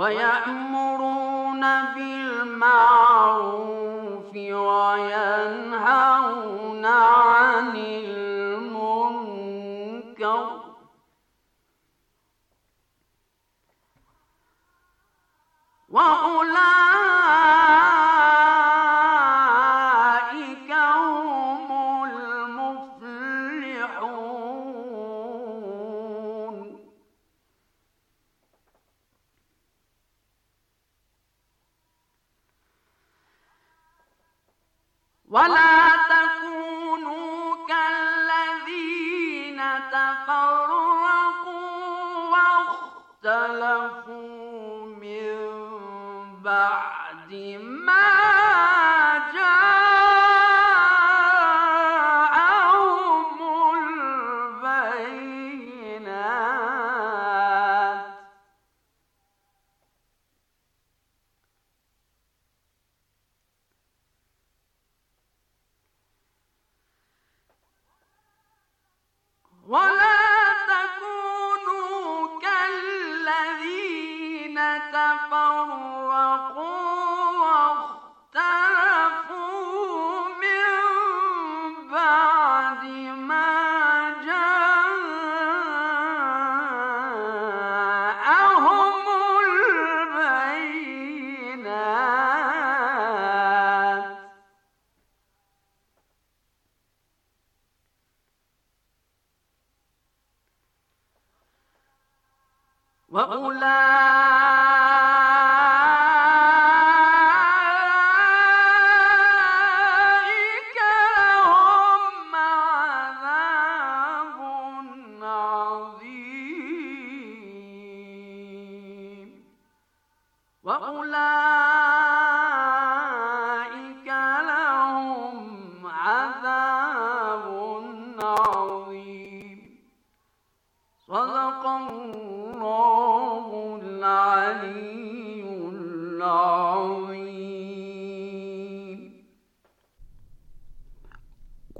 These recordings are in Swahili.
ويأمرون بالمعروف وينهون عن المنكر وأولئك ولا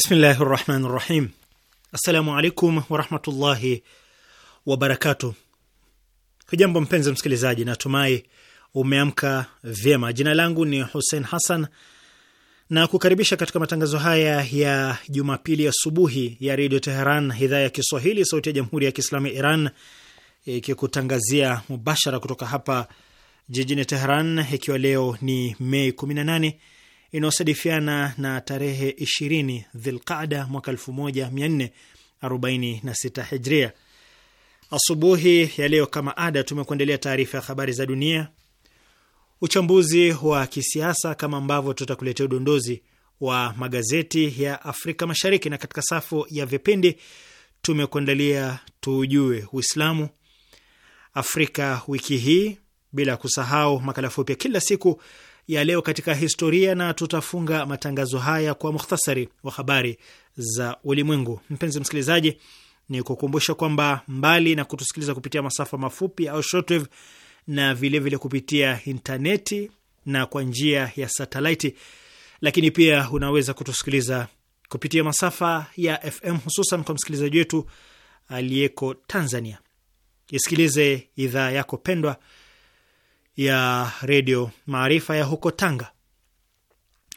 Bismillahi rahmani rahim. Assalamu alaikum warahmatullahi wabarakatu. Hujambo mpenzi msikilizaji, natumai umeamka vyema. Jina langu ni Hussein Hassan na kukaribisha katika matangazo haya ya Jumapili asubuhi ya, ya Redio Teheran idhaa ya Kiswahili, sauti ya Jamhuri ya Kiislamu ya Iran ikikutangazia mubashara kutoka hapa jijini Teheran, ikiwa leo ni Mei 18 inayosadifiana na tarehe 20 Dhilqada mwaka 1446 Hijria. Asubuhi ya leo kama ada, tumekuendelea taarifa ya habari za dunia, uchambuzi wa kisiasa, kama ambavyo tutakuletea udondozi wa magazeti ya Afrika Mashariki, na katika safu ya vipindi tumekuandalia tujue Uislamu Afrika wiki hii, bila kusahau makala fupi ya kila siku ya leo katika historia, na tutafunga matangazo haya kwa mukhtasari wa habari za ulimwengu. Mpenzi msikilizaji, ni kukumbusha kwamba mbali na kutusikiliza kupitia masafa mafupi au shortwave, na vilevile vile kupitia intaneti na kwa njia ya satelaiti, lakini pia unaweza kutusikiliza kupitia masafa ya FM hususan kwa msikilizaji wetu aliyeko Tanzania. Isikilize idhaa yako pendwa ya redio Maarifa ya huko Tanga.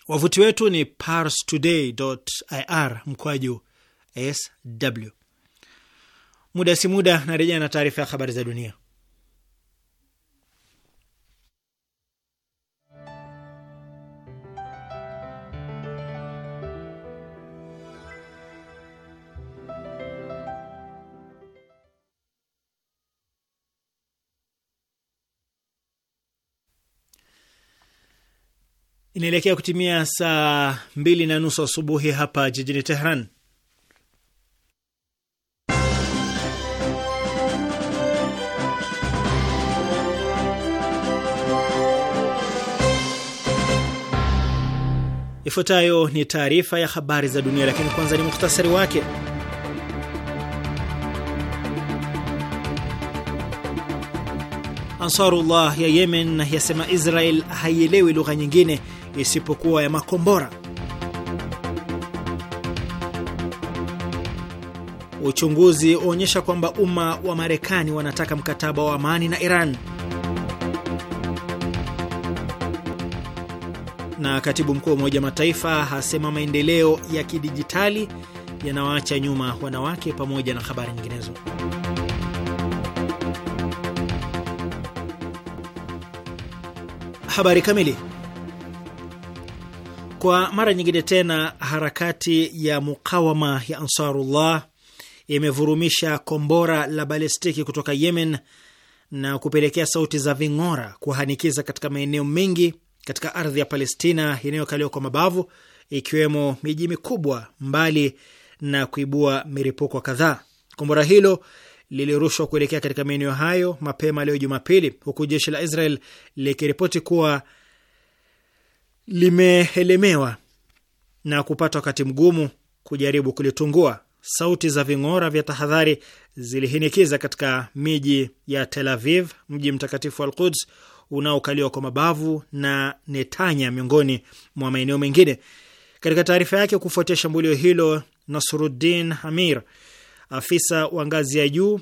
Wavuti wetu ni parstoday.ir mkwaju sw. Muda si muda narejea na taarifa ya habari za dunia. inaelekea kutimia saa mbili na nusu asubuhi hapa jijini Tehran. Ifuatayo ni taarifa ya habari za dunia, lakini kwanza ni muhtasari wake. Ansarullah ya Yemen yasema Israel haielewi lugha nyingine isipokuwa ya makombora. Uchunguzi waonyesha kwamba umma wa Marekani wanataka mkataba wa amani na Iran. Na katibu mkuu wa Umoja Mataifa hasema maendeleo ya kidijitali yanawaacha nyuma wanawake, pamoja na habari nyinginezo. Habari kamili kwa mara nyingine tena harakati ya mukawama ya Ansarullah imevurumisha kombora la balistiki kutoka Yemen na kupelekea sauti za ving'ora kuhanikiza katika maeneo mengi katika ardhi ya Palestina inayokaliwa kwa mabavu ikiwemo miji mikubwa, mbali na kuibua miripuko kadhaa. Kombora hilo lilirushwa kuelekea katika maeneo hayo mapema leo Jumapili, huku jeshi la Israel likiripoti kuwa limeelemewa na kupata wakati mgumu kujaribu kulitungua. Sauti za ving'ora vya tahadhari zilihinikiza katika miji ya Tel Aviv, mji mtakatifu wa Al-Quds unaokaliwa kwa mabavu na Netanya, miongoni mwa maeneo mengine. Katika taarifa yake kufuatia shambulio hilo, Nasruddin Amir, afisa wa ngazi ya juu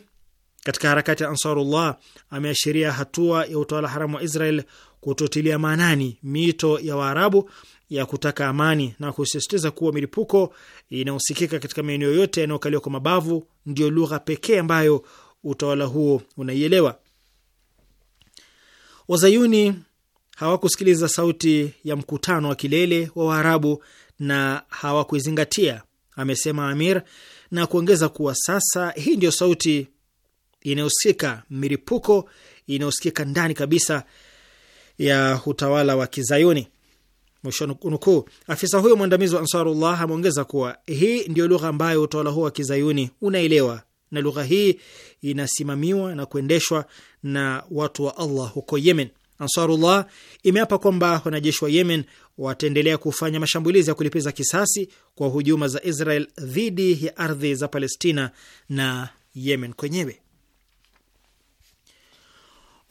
katika harakati ya Ansarullah, ameashiria hatua ya utawala haramu wa Israel kutotilia maanani mito ya Waarabu ya kutaka amani na kusisitiza kuwa milipuko inayosikika katika maeneo yote yanayokaliwa kwa mabavu ndio lugha pekee ambayo utawala huo unaielewa. Wazayuni hawakusikiliza sauti ya mkutano wa kilele wa Waarabu na hawakuizingatia, amesema Amir na kuongeza kuwa sasa hii ndio sauti inayosikika, milipuko inayosikika ndani kabisa ya utawala wa Kizayuni, mwisho nukuu. Afisa huyo mwandamizi wa Ansarullah ameongeza kuwa hii ndio lugha ambayo utawala huo wa Kizayuni unaelewa na lugha hii inasimamiwa na kuendeshwa na watu wa Allah huko Yemen. Ansarullah imeapa kwamba wanajeshi wa Yemen wataendelea kufanya mashambulizi ya kulipiza kisasi kwa hujuma za Israel dhidi ya ardhi za Palestina na Yemen kwenyewe.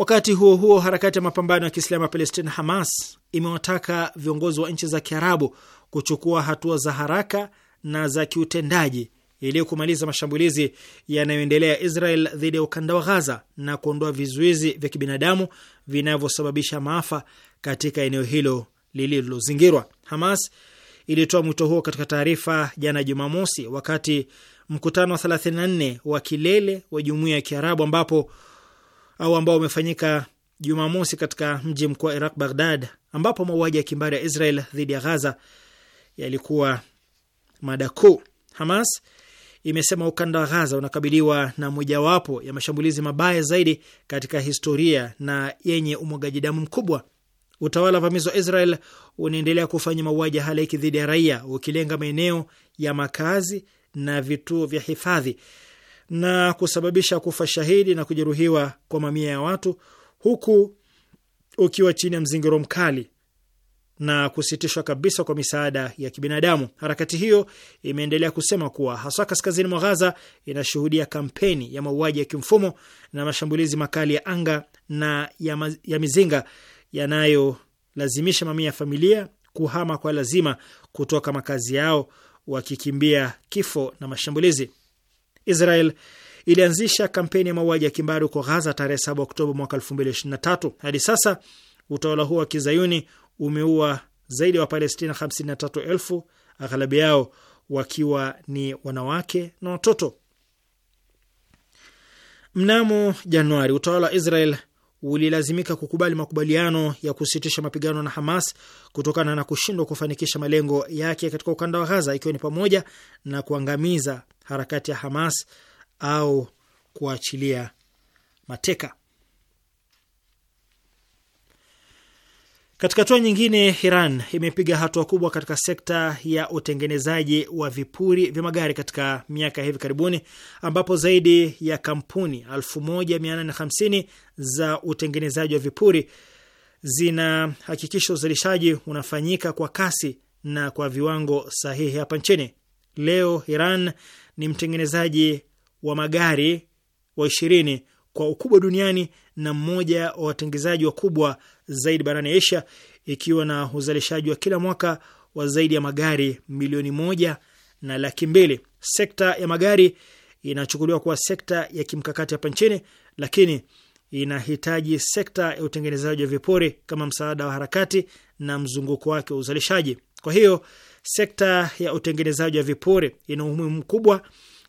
Wakati huo huo, harakati ya mapambano ya Kiislamu ya Palestina, Hamas, imewataka viongozi wa nchi za Kiarabu kuchukua hatua za haraka na za kiutendaji ili kumaliza mashambulizi yanayoendelea Israel dhidi ya ukanda wa Ghaza na kuondoa vizuizi vya kibinadamu vinavyosababisha maafa katika eneo hilo lililozingirwa. Hamas ilitoa mwito huo katika taarifa jana Jumamosi, wakati mkutano wa 34 wa kilele wa jumuiya ya Kiarabu ambapo au ambao umefanyika Jumamosi katika mji mkuu wa Iraq, Baghdad, ambapo mauaji ya kimbari ya Israel dhidi ya Ghaza yalikuwa mada kuu. Hamas imesema ukanda wa Ghaza unakabiliwa na mojawapo ya mashambulizi mabaya zaidi katika historia na yenye umwagaji damu mkubwa. Utawala wa vamizi wa Israel unaendelea kufanya mauaji ya halaiki dhidi ya raia, ukilenga maeneo ya makazi na vituo vya hifadhi na kusababisha kufa shahidi na kujeruhiwa kwa mamia ya watu, huku ukiwa chini ya mzingiro mkali na kusitishwa kabisa kwa misaada ya kibinadamu. Harakati hiyo imeendelea kusema kuwa haswa kaskazini mwa Ghaza inashuhudia kampeni ya mauaji ya kimfumo na mashambulizi makali ya anga na ya, ya mizinga yanayolazimisha mamia ya familia kuhama kwa lazima kutoka makazi yao wakikimbia kifo na mashambulizi. Israel ilianzisha kampeni ya mauaji ya kimbari huko Ghaza tarehe 7 Oktoba mwaka 2023. Hadi sasa utawala huo wa kizayuni umeua zaidi ya wa Wapalestina 53,000 aghalabi yao wakiwa ni wanawake na watoto. Mnamo Januari, utawala wa Israel ulilazimika kukubali makubaliano ya kusitisha mapigano na Hamas kutokana na kushindwa kufanikisha malengo yake katika ukanda wa Ghaza, ikiwa ni pamoja na kuangamiza harakati ya Hamas au kuachilia mateka. Katika hatua nyingine, Iran imepiga hatua kubwa katika sekta ya utengenezaji wa vipuri vya magari katika miaka ya hivi karibuni, ambapo zaidi ya kampuni 1850 za utengenezaji wa vipuri zinahakikisha uzalishaji unafanyika kwa kasi na kwa viwango sahihi hapa nchini. Leo Iran ni mtengenezaji wa magari wa ishirini kwa ukubwa duniani na mmoja wa watengenezaji wakubwa zaidi barani Asia, ikiwa na uzalishaji wa kila mwaka wa zaidi ya magari milioni moja na laki mbili. Sekta ya magari inachukuliwa kuwa sekta ya kimkakati hapa nchini, lakini inahitaji sekta ya utengenezaji wa vipuri kama msaada wa harakati na mzunguko wake wa uzalishaji. Kwa hiyo Sekta ya utengenezaji wa vipuri ina umuhimu mkubwa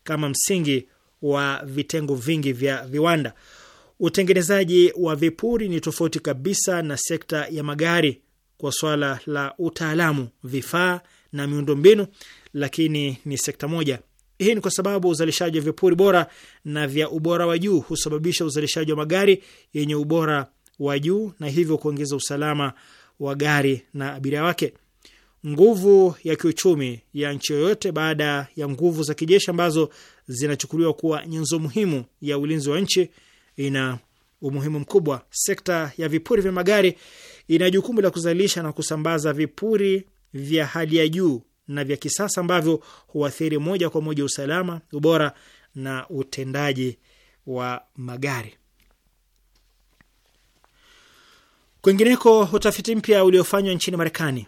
kama msingi wa vitengo vingi vya viwanda. Utengenezaji wa vipuri ni tofauti kabisa na sekta ya magari kwa swala la utaalamu, vifaa na miundombinu, lakini ni sekta moja. Hii ni kwa sababu uzalishaji wa vipuri bora na vya ubora wa juu husababisha uzalishaji wa magari yenye ubora wa juu na hivyo kuongeza usalama wa gari na abiria wake nguvu ya kiuchumi ya nchi yoyote baada ya nguvu za kijeshi ambazo zinachukuliwa kuwa nyenzo muhimu ya ulinzi wa nchi ina umuhimu mkubwa. Sekta ya vipuri vya magari ina jukumu la kuzalisha na kusambaza vipuri vya hali ya juu na vya kisasa ambavyo huathiri moja kwa moja usalama, ubora na utendaji wa magari. Kwingineko, utafiti mpya uliofanywa nchini Marekani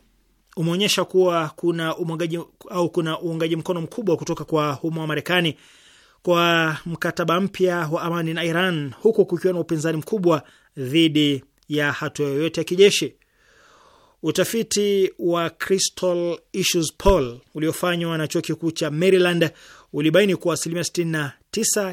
umeonyesha kuwa kuna umwagaji au kuna uungaji mkono mkubwa kutoka kwa umma wa Marekani kwa mkataba mpya wa amani na Iran, huku kukiwa na upinzani mkubwa dhidi ya hatua yoyote ya kijeshi. Utafiti wa Crystal Issues Poll uliofanywa na chuo kikuu cha Maryland ulibaini kuwa asilimia 69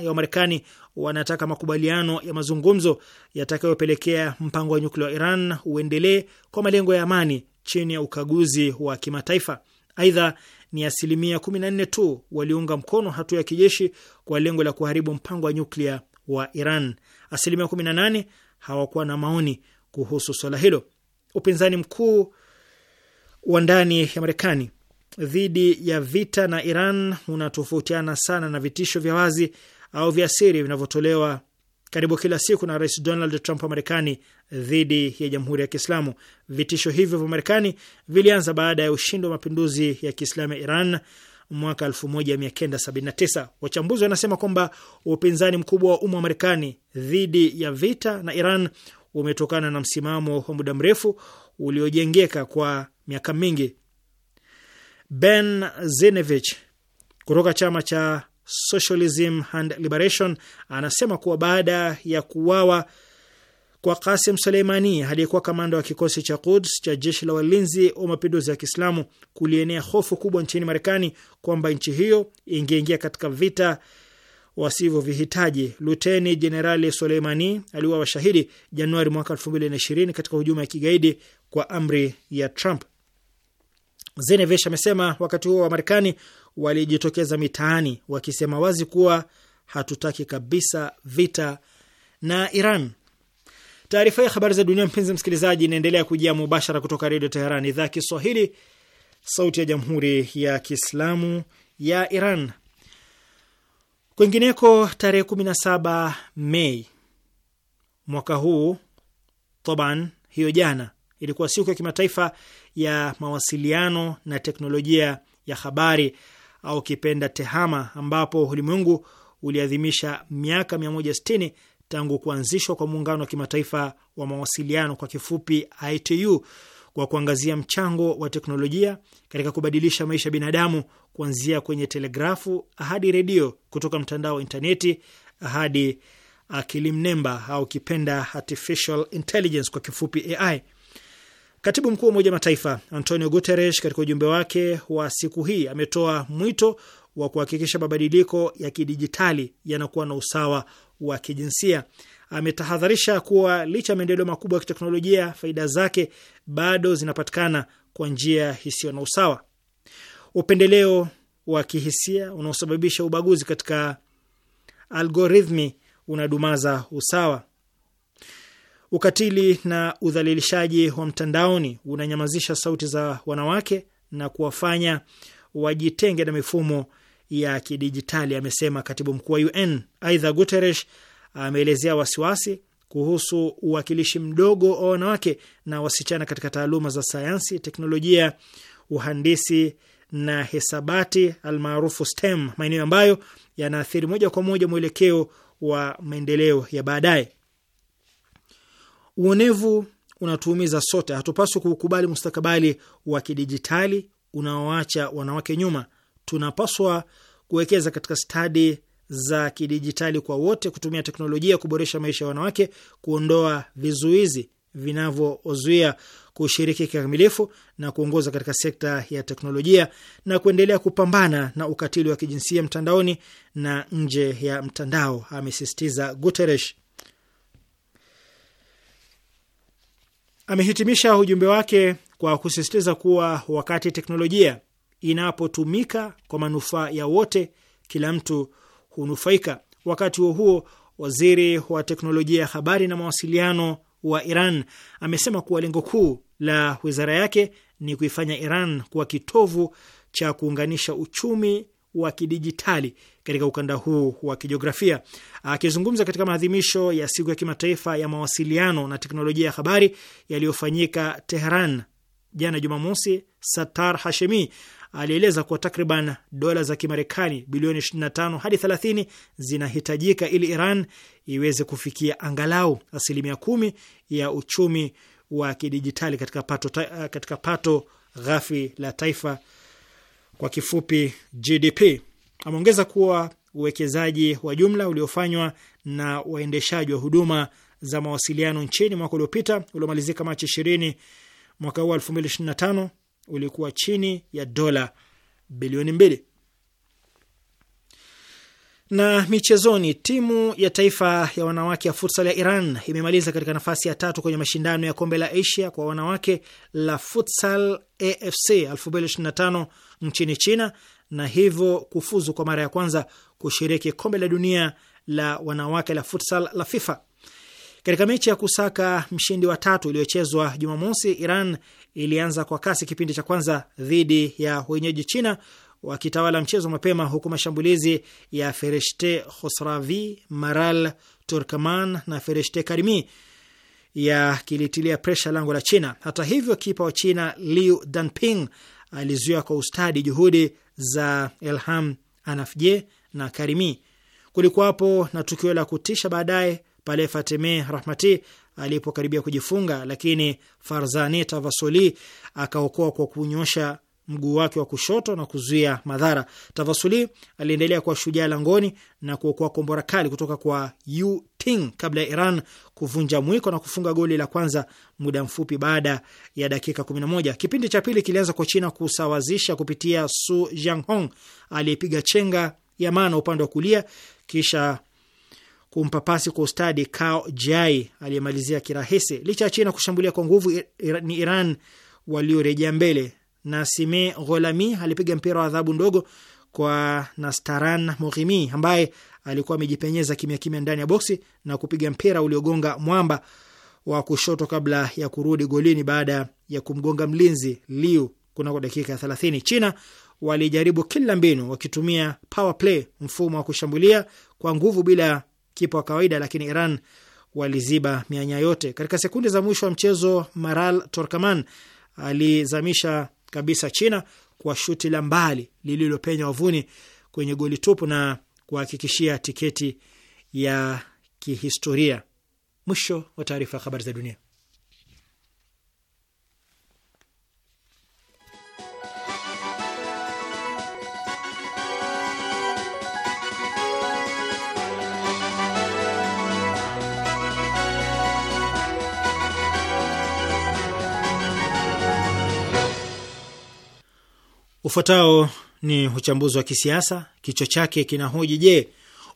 ya Wamarekani wanataka makubaliano ya mazungumzo yatakayopelekea mpango wa nyuklia wa Iran uendelee kwa malengo ya amani chini ya ukaguzi wa kimataifa. Aidha, ni asilimia 14 tu waliunga mkono hatua ya kijeshi kwa lengo la kuharibu mpango wa nyuklia wa Iran. Asilimia 18 hawakuwa na maoni kuhusu swala hilo. Upinzani mkuu wa ndani ya Marekani dhidi ya vita na Iran unatofautiana sana na vitisho vya wazi au vya siri vinavyotolewa karibu kila siku na Rais Donald Trump wa Marekani dhidi ya Jamhuri ya Kiislamu. Vitisho hivyo vya Marekani vilianza baada ya ushindi wa mapinduzi ya Kiislamu ya Iran mwaka 1979. Wachambuzi wanasema kwamba upinzani mkubwa wa umma wa Marekani dhidi ya vita na Iran umetokana na msimamo wa muda mrefu uliojengeka kwa miaka mingi. Ben Zinevich kutoka chama cha Socialism and Liberation anasema kuwa baada ya kuuawa kwa Qasim Suleimani aliyekuwa kamanda wa kikosi cha Quds cha jeshi la walinzi wa mapinduzi ya Kiislamu kulienea hofu kubwa nchini Marekani kwamba nchi hiyo ingeingia katika vita wasivyovihitaji. Luteni Jenerali Suleimani aliuawa washahidi Januari mwaka 2020 katika hujuma ya kigaidi kwa amri ya Trump. Zenevish amesema wakati huo wa Marekani walijitokeza mitaani wakisema wazi kuwa hatutaki kabisa vita na Iran. Taarifa ya habari za dunia, mpenzi msikilizaji, inaendelea kujia mubashara kutoka Redio Teheran, idhaa ya Kiswahili, sauti ya Jamhuri ya Kiislamu ya Iran. Kwingineko, tarehe 17 Mei mwaka huu toban, hiyo jana ilikuwa siku ya kimataifa ya mawasiliano na teknolojia ya habari au kipenda tehama, ambapo ulimwengu uliadhimisha miaka 160 tangu kuanzishwa kwa muungano wa kimataifa wa mawasiliano kwa kifupi ITU, kwa kuangazia mchango wa teknolojia katika kubadilisha maisha ya binadamu kuanzia kwenye telegrafu hadi redio, kutoka mtandao wa intaneti hadi akili mnemba au kipenda artificial intelligence kwa kifupi AI. Katibu mkuu wa Umoja Mataifa Antonio Guterres katika ujumbe wake wa siku hii ametoa mwito wa kuhakikisha mabadiliko ya kidijitali yanakuwa na usawa wa kijinsia. Ametahadharisha kuwa licha ya maendeleo makubwa ya kiteknolojia, faida zake bado zinapatikana kwa njia isiyo na usawa. Upendeleo wa kihisia unaosababisha ubaguzi katika algorithmi unadumaza usawa. Ukatili na udhalilishaji wa mtandaoni unanyamazisha sauti za wanawake na kuwafanya wajitenge na mifumo ya kidijitali, amesema katibu mkuu wa UN. Aidha, Guterres ameelezea wasiwasi kuhusu uwakilishi mdogo wa wanawake na wasichana katika taaluma za sayansi, teknolojia, uhandisi na hesabati almaarufu STEM, maeneo ambayo yanaathiri moja kwa moja mwelekeo wa maendeleo ya baadaye. Uonevu unatuumiza sote, hatupaswi kuukubali mustakabali wa kidijitali unaoacha wanawake nyuma. Tunapaswa kuwekeza katika stadi za kidijitali kwa wote, kutumia teknolojia kuboresha maisha ya wanawake, kuondoa vizuizi vinavyozuia kushiriki kikamilifu na kuongoza katika sekta ya teknolojia na kuendelea kupambana na ukatili wa kijinsia mtandaoni na nje ya mtandao, amesisitiza Guterres. Amehitimisha ujumbe wake kwa kusisitiza kuwa wakati teknolojia inapotumika kwa manufaa ya wote, kila mtu hunufaika. Wakati huo huo, waziri wa teknolojia ya habari na mawasiliano wa Iran amesema kuwa lengo kuu la wizara yake ni kuifanya Iran kuwa kitovu cha kuunganisha uchumi wa kidijitali katika ukanda huu wa kijiografia. Akizungumza katika maadhimisho ya siku ya kimataifa ya mawasiliano na teknolojia ya habari yaliyofanyika Tehran jana Jumamosi, Satar Hashemi alieleza kuwa takriban dola za Kimarekani bilioni 25 hadi 30 zinahitajika ili Iran iweze kufikia angalau asilimia kumi ya uchumi wa kidijitali katika pato, katika pato ghafi la taifa kwa kifupi GDP. Ameongeza kuwa uwekezaji wa jumla uliofanywa na waendeshaji wa huduma za mawasiliano nchini mwaka uliopita uliomalizika Machi ishirini mwaka huu elfu mbili ishirini na tano ulikuwa chini ya dola bilioni mbili. Na michezoni, timu ya taifa ya wanawake ya futsal ya Iran imemaliza katika nafasi ya tatu kwenye mashindano ya kombe la Asia kwa wanawake la futsal AFC 2025 nchini China na hivyo kufuzu kwa mara ya kwanza kushiriki kombe la dunia la wanawake la futsal la FIFA. Katika mechi ya kusaka mshindi wa tatu iliyochezwa Jumamosi, Iran ilianza kwa kasi kipindi cha kwanza dhidi ya wenyeji China wakitawala mchezo mapema, huku mashambulizi ya Fereshte Khosravi, Maral Turkman na Fereshte Karimi yakilitilia presha lango la China. Hata hivyo, kipa wa China Liu Danping alizuia kwa ustadi juhudi za Elham Anafje na Karimi. Kulikuwapo na tukio la kutisha baadaye pale Fatime Rahmati alipokaribia kujifunga, lakini farzani tavasoli akaokoa kwa kunyosha mguu wake wa kushoto na kuzuia madhara. Tavasuli aliendelea kuwa shujaa langoni na kuokoa kombora kali kutoka kwa Yu Ting kabla ya Iran kuvunja mwiko na kufunga goli la kwanza muda mfupi baada ya dakika 11. Kipindi cha pili kilianza kwa China kusawazisha kupitia Su Jianghong aliyepiga chenga ya maana upande wa kulia kisha kumpa pasi kwa ustadi Kao Jai aliyemalizia kirahisi. Licha ya China kushambulia kwa nguvu, ni Iran waliorejea mbele na Sime Gholami alipiga mpira wa adhabu ndogo kwa Nastaran Moghimi ambaye alikuwa amejipenyeza kimya kimya ndani ya boksi na kupiga mpira uliogonga mwamba wa kushoto kabla ya kurudi golini baada ya kumgonga mlinzi Liu kunako dakika ya 30. China walijaribu kila mbinu wakitumia power play, mfumo wa kushambulia kwa nguvu bila kipa wa kawaida, lakini Iran waliziba mianya yote. Katika sekunde za mwisho wa mchezo, Maral Torkaman alizamisha kabisa China kwa shuti la mbali lililopenya wavuni kwenye goli tupu na kuhakikishia tiketi ya kihistoria. Mwisho wa taarifa ya habari za dunia. Ufuatao ni uchambuzi wa kisiasa, kichwa chake kinahoji: Je,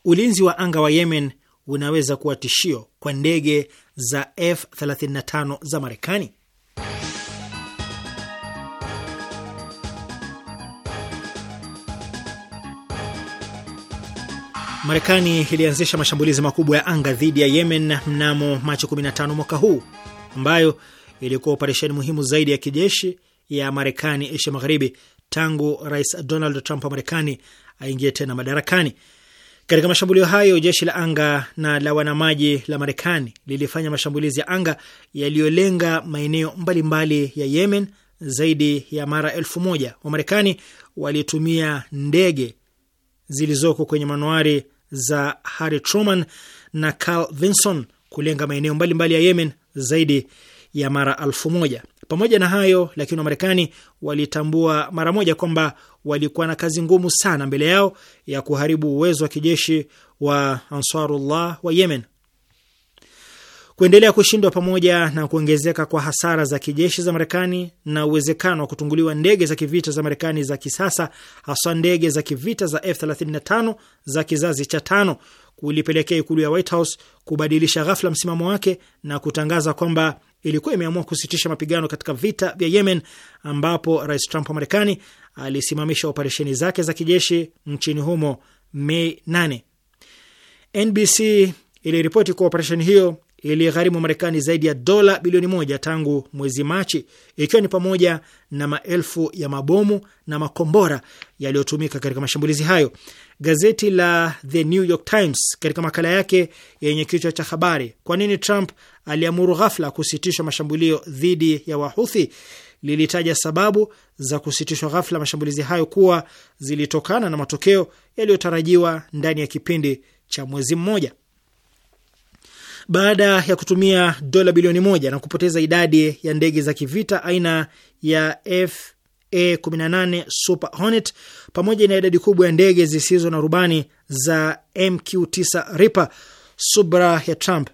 ulinzi wa anga wa Yemen unaweza kuwa tishio kwa ndege za F35 za Marekani? Marekani ilianzisha mashambulizi makubwa ya anga dhidi ya Yemen mnamo Machi 15 mwaka huu, ambayo ilikuwa operesheni muhimu zaidi ya kijeshi ya Marekani Asia Magharibi tangu Rais Donald Trump wa Marekani aingie tena madarakani. Katika mashambulio hayo, jeshi la anga na la wanamaji la Marekani lilifanya mashambulizi ya anga yaliyolenga maeneo mbalimbali ya Yemen zaidi ya mara elfu moja. Wamarekani walitumia ndege zilizoko kwenye manuari za Harry Truman na Carl Vinson kulenga maeneo mbalimbali ya Yemen zaidi ya mara elfu moja. Pamoja na hayo lakini, Wamarekani walitambua mara moja kwamba walikuwa na kazi ngumu sana mbele yao ya kuharibu uwezo wa kijeshi wa Ansarullah wa Yemen. Kuendelea kushindwa pamoja na kuongezeka kwa hasara za kijeshi za Marekani na uwezekano wa kutunguliwa ndege za kivita za Marekani za kisasa, haswa ndege za kivita za F35 za kizazi cha tano kulipelekea ikulu ya White House kubadilisha ghafla msimamo wake na kutangaza kwamba ilikuwa imeamua kusitisha mapigano katika vita vya Yemen, ambapo Rais Trump wa Marekani alisimamisha operesheni zake za kijeshi nchini humo Mei 8. NBC iliripoti kuwa operesheni hiyo iligharimu Marekani zaidi ya dola bilioni moja tangu mwezi Machi, ikiwa ni pamoja na maelfu ya mabomu na makombora yaliyotumika katika mashambulizi hayo. Gazeti la The New York Times katika makala yake yenye kichwa cha habari kwa nini Trump aliamuru ghafla kusitishwa mashambulio dhidi ya Wahuthi lilitaja sababu za kusitishwa ghafla mashambulizi hayo kuwa zilitokana na matokeo yaliyotarajiwa ndani ya kipindi cha mwezi mmoja. Baada ya kutumia dola bilioni moja na kupoteza idadi ya ndege za kivita aina ya FA 18 Super Hornet, pamoja na idadi kubwa ya ndege zisizo na rubani za MQ-9 Reaper, subra ya Trump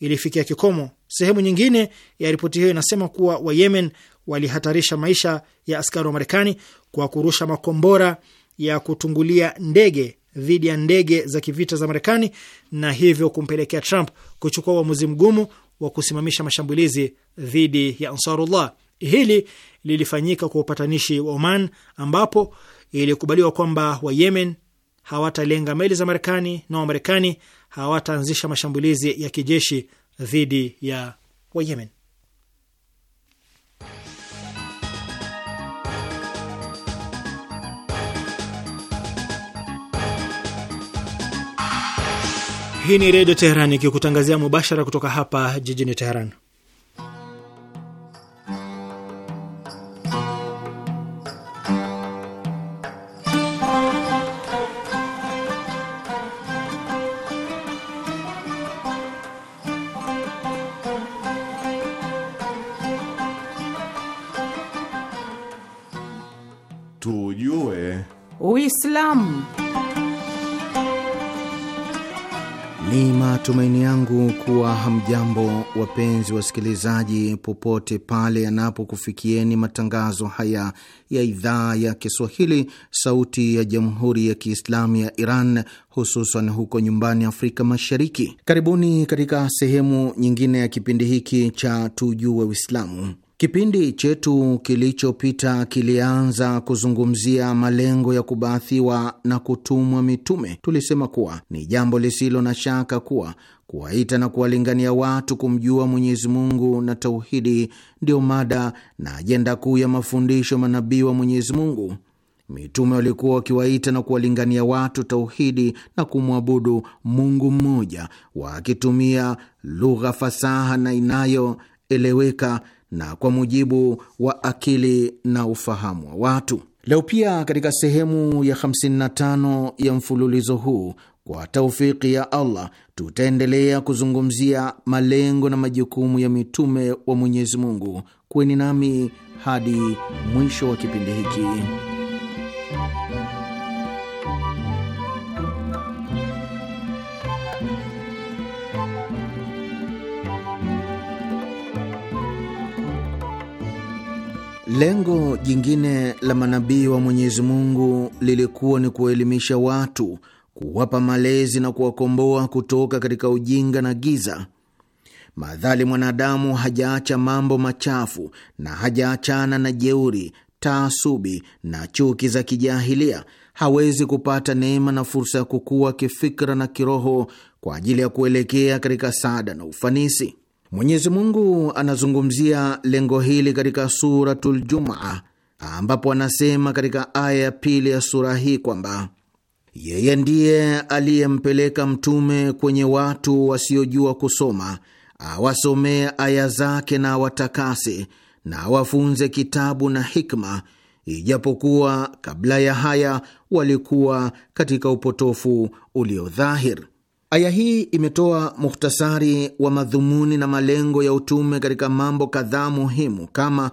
ilifikia kikomo. Sehemu nyingine ya ripoti hiyo inasema kuwa Wayemen walihatarisha maisha ya askari wa Marekani kwa kurusha makombora ya kutungulia ndege dhidi ya ndege za kivita za Marekani na hivyo kumpelekea Trump kuchukua uamuzi mgumu wa kusimamisha mashambulizi dhidi ya Ansarullah. Hili lilifanyika kwa upatanishi wa Oman, ambapo ilikubaliwa kwamba Wayemen hawatalenga meli za Marekani na Wamarekani hawataanzisha mashambulizi ya kijeshi dhidi ya Wayemen. Hii ni Redio Teheran ikikutangazia mubashara kutoka hapa jijini Teheran. yangu kuwa hamjambo, wapenzi wasikilizaji, popote pale yanapokufikieni matangazo haya ya idhaa ya Kiswahili, Sauti ya Jamhuri ya Kiislamu ya Iran, hususan huko nyumbani Afrika Mashariki. Karibuni katika sehemu nyingine ya kipindi hiki cha Tujue Uislamu. Kipindi chetu kilichopita kilianza kuzungumzia malengo ya kubaathiwa na kutumwa mitume. Tulisema kuwa ni jambo lisilo na shaka kuwa kuwaita na kuwalingania watu kumjua Mwenyezi Mungu na tauhidi ndio mada na ajenda kuu ya mafundisho manabii wa Mwenyezi Mungu. Mitume walikuwa wakiwaita na kuwalingania watu tauhidi na kumwabudu Mungu mmoja, wakitumia lugha fasaha na inayoeleweka na kwa mujibu wa akili na ufahamu wa watu. Leo pia katika sehemu ya 55 ya mfululizo huu, kwa taufiki ya Allah, tutaendelea kuzungumzia malengo na majukumu ya mitume wa Mwenyezi Mungu. nami hadi mwisho wa kipindi hiki. Lengo jingine la manabii wa Mwenyezi Mungu lilikuwa ni kuwaelimisha watu, kuwapa malezi na kuwakomboa kutoka katika ujinga na giza. Madhali mwanadamu hajaacha mambo machafu na hajaachana na jeuri, taasubi na chuki za kijahilia, hawezi kupata neema na fursa ya kukua kifikra na kiroho kwa ajili ya kuelekea katika saada na ufanisi. Mwenyezi Mungu anazungumzia lengo hili katika Suratul Jumaa, ambapo anasema katika aya ya pili ya sura hii kwamba yeye ndiye aliyempeleka mtume kwenye watu wasiojua kusoma awasomee aya zake na awatakase na awafunze kitabu na hikma, ijapokuwa kabla ya haya walikuwa katika upotofu uliodhahir. Aya hii imetoa muhtasari wa madhumuni na malengo ya utume katika mambo kadhaa muhimu kama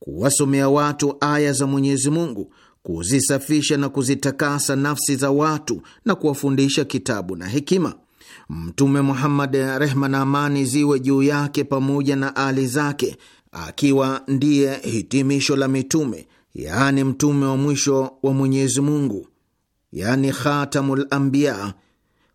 kuwasomea watu aya za Mwenyezi Mungu, kuzisafisha na kuzitakasa nafsi za watu na kuwafundisha kitabu na hekima. Mtume Muhammad, rehma na amani ziwe juu yake pamoja na ali zake, akiwa ndiye hitimisho la mitume, yaani mtume wa mwisho wa Mwenyezi Mungu, yaani khatamul anbiya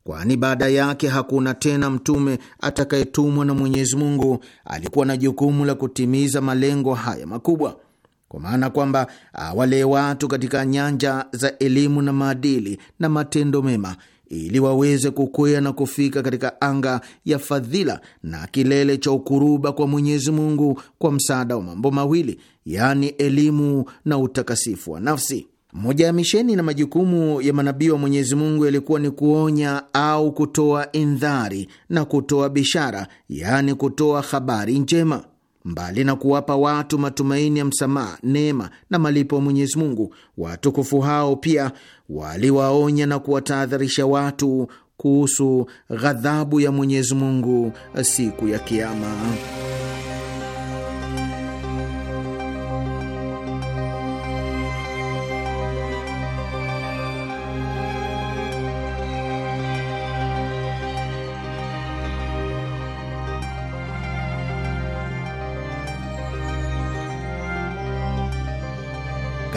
kwani baada yake hakuna tena mtume atakayetumwa na Mwenyezi Mungu alikuwa na jukumu la kutimiza malengo haya makubwa, kwa maana kwamba awale ah, watu katika nyanja za elimu na maadili na matendo mema ili waweze kukwea na kufika katika anga ya fadhila na kilele cha ukuruba kwa Mwenyezi Mungu kwa msaada wa mambo mawili, yaani elimu na utakasifu wa nafsi. Moja ya misheni na majukumu ya manabii wa Mwenyezi Mungu yalikuwa ni kuonya au kutoa indhari na kutoa bishara, yaani kutoa habari njema. Mbali na kuwapa watu matumaini ya msamaha, neema na malipo ya Mwenyezi Mungu, watukufu hao pia waliwaonya na kuwatahadharisha watu kuhusu ghadhabu ya Mwenyezi Mungu siku ya Kiama.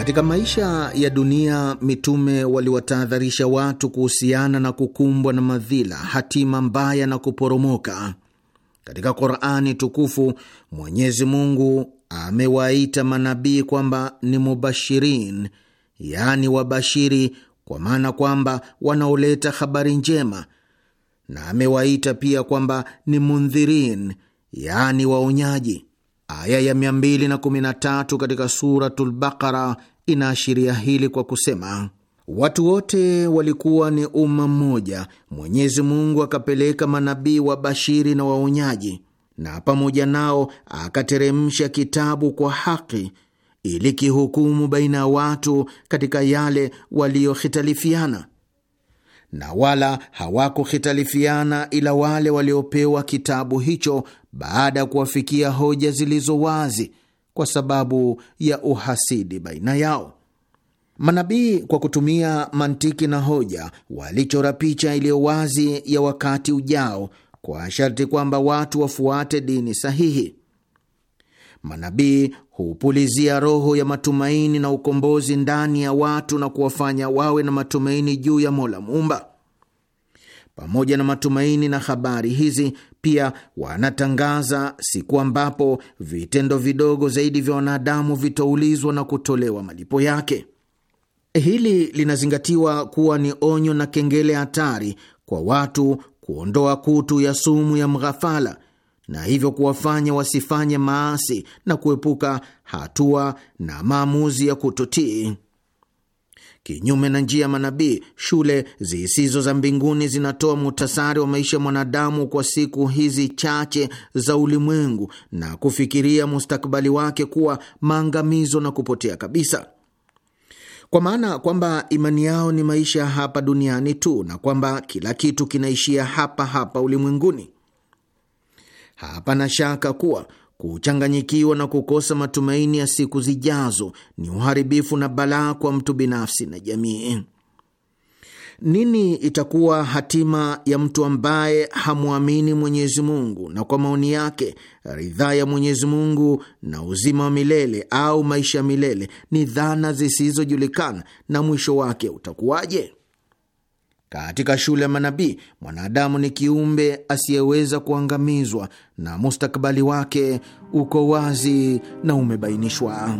Katika maisha ya dunia mitume waliwatahadharisha watu kuhusiana na kukumbwa na madhila, hatima mbaya na kuporomoka. Katika Qurani tukufu Mwenyezi Mungu amewaita manabii kwamba ni mubashirin, yaani wabashiri, kwa maana kwamba wanaoleta habari njema, na amewaita pia kwamba ni mundhirin, yaani waonyaji. Aya ya 213 katika Suratul Baqara inaashiria hili kwa kusema watu wote walikuwa ni umma mmoja. Mwenyezi Mungu akapeleka manabii wa bashiri na waonyaji, na pamoja nao akateremsha kitabu kwa haki ili kihukumu baina ya watu katika yale waliohitalifiana, na wala hawakuhitalifiana ila wale waliopewa kitabu hicho baada ya kuwafikia hoja zilizo wazi kwa sababu ya uhasidi baina yao. Manabii kwa kutumia mantiki na hoja walichora picha iliyo wazi ya wakati ujao kwa sharti kwamba watu wafuate dini sahihi. Manabii hupulizia roho ya matumaini na ukombozi ndani ya watu na kuwafanya wawe na matumaini juu ya Mola Muumba. Pamoja na matumaini na habari hizi, pia wanatangaza siku ambapo vitendo vidogo zaidi vya wanadamu vitaulizwa na kutolewa malipo yake. Hili linazingatiwa kuwa ni onyo na kengele hatari kwa watu kuondoa kutu ya sumu ya mghafala na hivyo kuwafanya wasifanye maasi na kuepuka hatua na maamuzi ya kutotii. Kinyume na njia ya manabii, shule zisizo za mbinguni zinatoa muhtasari wa maisha ya mwanadamu kwa siku hizi chache za ulimwengu na kufikiria mustakabali wake kuwa maangamizo na kupotea kabisa, kwa maana kwamba imani yao ni maisha hapa duniani tu na kwamba kila kitu kinaishia hapa hapa ulimwenguni. Hapana shaka kuwa Kuchanganyikiwa na kukosa matumaini ya siku zijazo ni uharibifu na balaa kwa mtu binafsi na jamii. Nini itakuwa hatima ya mtu ambaye hamwamini Mwenyezi Mungu na kwa maoni yake ridhaa ya Mwenyezi Mungu na uzima wa milele au maisha ya milele ni dhana zisizojulikana, na mwisho wake utakuwaje? Katika shule ya manabii, mwanadamu ni kiumbe asiyeweza kuangamizwa na mustakabali wake uko wazi na umebainishwa.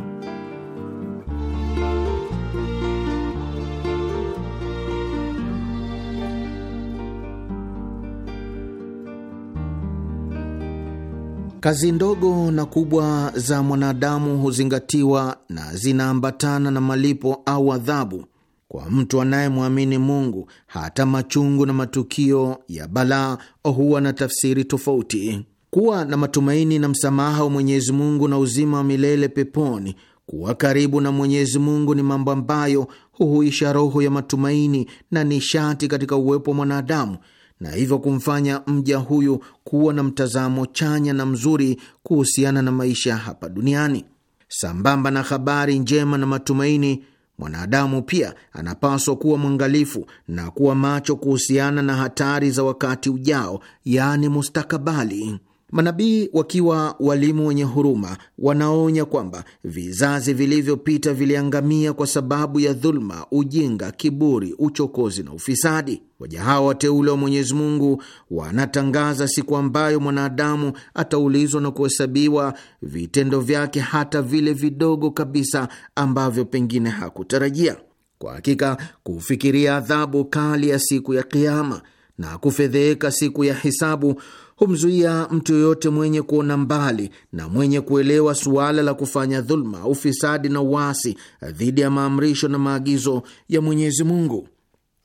Kazi ndogo na kubwa za mwanadamu huzingatiwa na zinaambatana na malipo au adhabu. Kwa mtu anayemwamini Mungu, hata machungu na matukio ya balaa huwa na tafsiri tofauti. Kuwa na matumaini na msamaha wa Mwenyezi Mungu na uzima wa milele peponi, kuwa karibu na Mwenyezi Mungu ni mambo ambayo huhuisha roho ya matumaini na nishati katika uwepo wa mwanadamu na hivyo kumfanya mja huyu kuwa na mtazamo chanya na mzuri kuhusiana na maisha hapa duniani. Sambamba na habari njema na matumaini Mwanadamu pia anapaswa kuwa mwangalifu na kuwa macho kuhusiana na hatari za wakati ujao, yaani mustakabali. Manabii wakiwa walimu wenye huruma, wanaonya kwamba vizazi vilivyopita viliangamia kwa sababu ya dhuluma, ujinga, kiburi, uchokozi na ufisadi. Waja hawa wateule wa Mwenyezi Mungu wanatangaza siku ambayo mwanadamu ataulizwa na kuhesabiwa vitendo vyake, hata vile vidogo kabisa ambavyo pengine hakutarajia. Kwa hakika kufikiria adhabu kali ya siku ya Kiama na kufedheeka siku ya hisabu humzuia mtu yoyote mwenye kuona mbali na mwenye kuelewa suala la kufanya dhuluma, ufisadi na uasi dhidi ya maamrisho na maagizo ya Mwenyezi Mungu.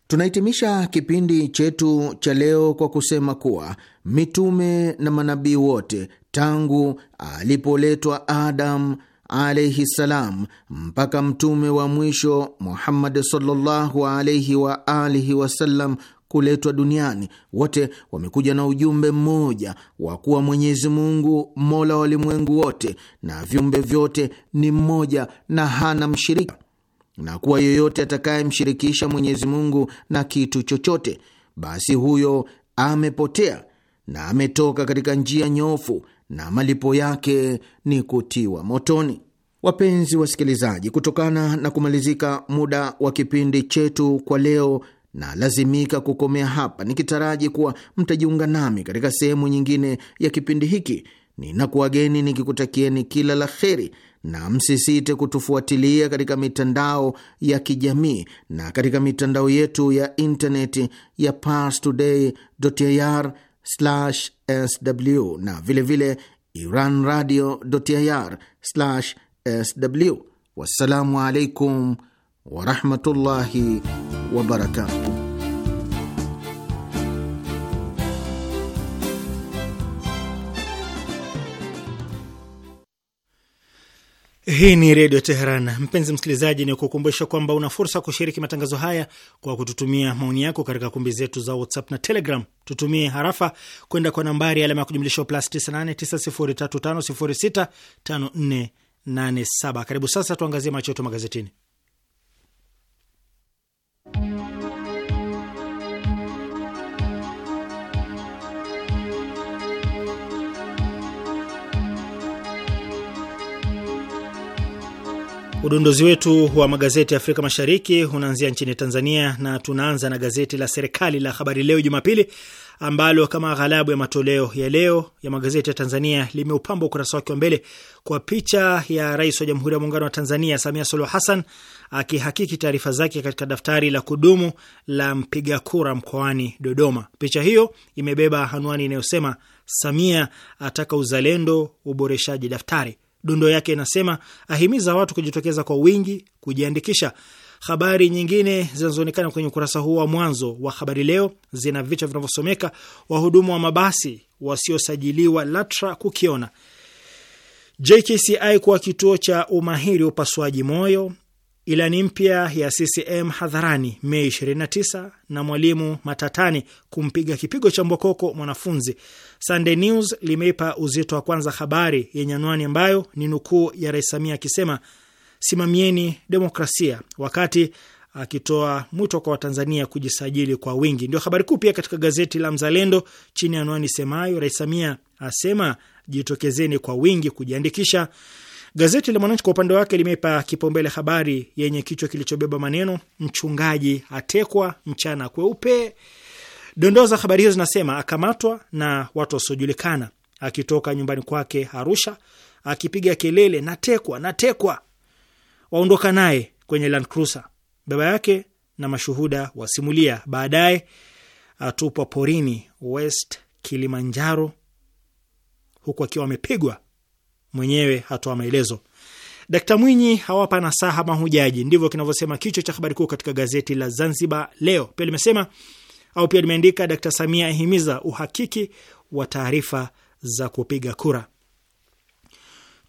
Tunahitimisha kipindi chetu cha leo kwa kusema kuwa mitume na manabii wote tangu alipoletwa Adam alaihi salam mpaka mtume wa mwisho Muhammad sallallahu alaihi wa alihi wasallam kuletwa duniani, wote wamekuja na ujumbe mmoja wa kuwa Mwenyezi Mungu mola wa wote na viumbe vyote ni mmoja na hana mshirika, na kuwa yeyote atakayemshirikisha Mwenyezi Mungu na kitu chochote, basi huyo amepotea na ametoka katika njia nyofu na malipo yake ni kutiwa motoni. Wapenzi wasikilizaji, kutokana na kumalizika muda wa kipindi chetu kwa leo na lazimika kukomea hapa, nikitaraji kuwa mtajiunga nami katika sehemu nyingine ya kipindi hiki. Ninakuwageni nikikutakieni kila la kheri, na msisite kutufuatilia katika mitandao ya kijamii na katika mitandao yetu ya intaneti ya parstoday.ir/sw na vilevile iranradio.ir/sw. Wassalamu alaikum warahmatullahi wabarakatuh. Hii ni Redio Teheran. Mpenzi msikilizaji, ni kukumbusha kwamba una fursa kushiriki matangazo haya kwa kututumia maoni yako katika kumbi zetu za WhatsApp na Telegram. Tutumie harafa kwenda kwa nambari alama ya kujumlisha plus 989035065487. Karibu sasa, tuangazie macho yetu magazetini. Udondozi wetu wa magazeti ya Afrika Mashariki unaanzia nchini Tanzania na tunaanza na gazeti la serikali la Habari Leo Jumapili, ambalo kama ghalabu ya matoleo ya leo ya magazeti ya Tanzania limeupamba ukurasa wake wa mbele kwa picha ya Rais wa Jamhuri ya Muungano wa Tanzania Samia Suluhu Hassan akihakiki taarifa zake katika daftari la kudumu la mpiga kura mkoani Dodoma. Picha hiyo imebeba anwani inayosema Samia ataka uzalendo, uboreshaji daftari dundo yake inasema ahimiza watu kujitokeza kwa wingi kujiandikisha. Habari nyingine zinazoonekana kwenye ukurasa huu wa mwanzo wa Habari Leo zina vichwa vinavyosomeka wahudumu wa mabasi wasiosajiliwa LATRA kukiona, JKCI kuwa kituo cha umahiri upasuaji moyo, ilani mpya ya CCM hadharani Mei 29 na mwalimu matatani kumpiga kipigo cha mbokoko mwanafunzi. Sunday News limeipa uzito wa kwanza habari yenye anwani ambayo ni nukuu ya Rais Samia akisema simamieni demokrasia, wakati akitoa mwito kwa Watanzania kujisajili kwa wingi. Ndio habari kuu pia katika gazeti la Mzalendo chini ya anwani semayo Rais Samia asema jitokezeni kwa wingi kujiandikisha Gazeti la Mwananchi kwa upande wake limeipa kipaumbele habari yenye kichwa kilichobeba maneno mchungaji atekwa mchana kweupe. Dondoo za habari hiyo zinasema akamatwa na watu wasiojulikana akitoka nyumbani kwake Arusha akipiga kelele natekwa, natekwa, waondoka naye kwenye Land Cruiser. Baba yake na mashuhuda wasimulia, baadaye atupwa porini West Kilimanjaro, huku akiwa amepigwa mwenyewe hatoa maelezo. Dkt Mwinyi hawapa nasaha mahujaji, ndivyo kinavyosema kichwa cha habari kuu katika gazeti la Zanzibar Leo. Pia limesema au pia limeandika Dkt Samia ahimiza uhakiki wa taarifa za kupiga kura.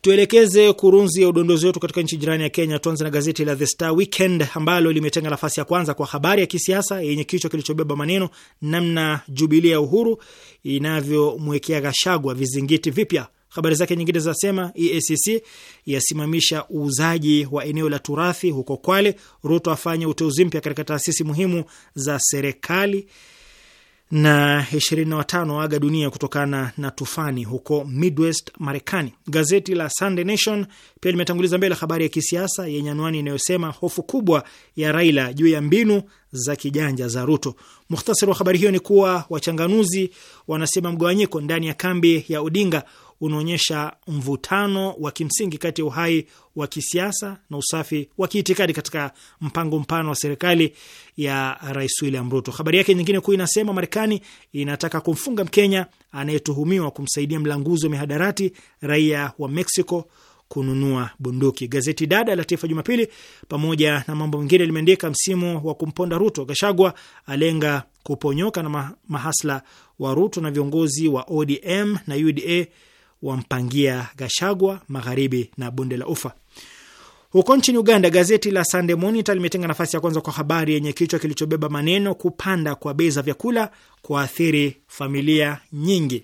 Tuelekeze kurunzi ya udondozi wetu katika nchi jirani ya Kenya. Tuanze na gazeti la The Star Weekend ambalo limetenga nafasi ya kwanza kwa habari ya kisiasa yenye kichwa kilichobeba maneno namna Jubilia ya Uhuru inavyomwekea Gashagwa vizingiti vipya. Habari zake nyingine zinasema EACC yasimamisha uuzaji wa eneo la turathi huko Kwale, Ruto afanya uteuzi mpya katika taasisi muhimu za serikali, na 25 waaga dunia kutokana na tufani huko Midwest Marekani. Gazeti la Sunday Nation pia limetanguliza mbele habari ya kisiasa yenye anwani inayosema hofu kubwa ya Raila juu ya mbinu za kijanja za Ruto. Muhtasari wa habari hiyo ni kuwa wachanganuzi wanasema mgawanyiko ndani ya kambi ya Odinga unaonyesha mvutano wa kimsingi kati ya uhai wa kisiasa na usafi wa kiitikadi katika mpango mpana wa serikali ya Rais William Ruto. Habari yake nyingine kuu inasema Marekani inataka kumfunga Mkenya anayetuhumiwa kumsaidia mlanguzi wa mihadarati raia wa Mexico kununua bunduki. Gazeti dada la Taifa Jumapili pamoja na mambo mengine limeandika msimu wa kumponda Ruto, Gashagwa alenga kuponyoka na mahasla wa Ruto na viongozi wa ODM na UDA wa Mpangia Gashagwa magharibi na bonde la Ufa. Huko nchini Uganda, gazeti la Sunday Monitor limetenga nafasi ya kwanza kwa habari yenye kichwa kilichobeba maneno kupanda kwa bei za vyakula kuathiri familia nyingi.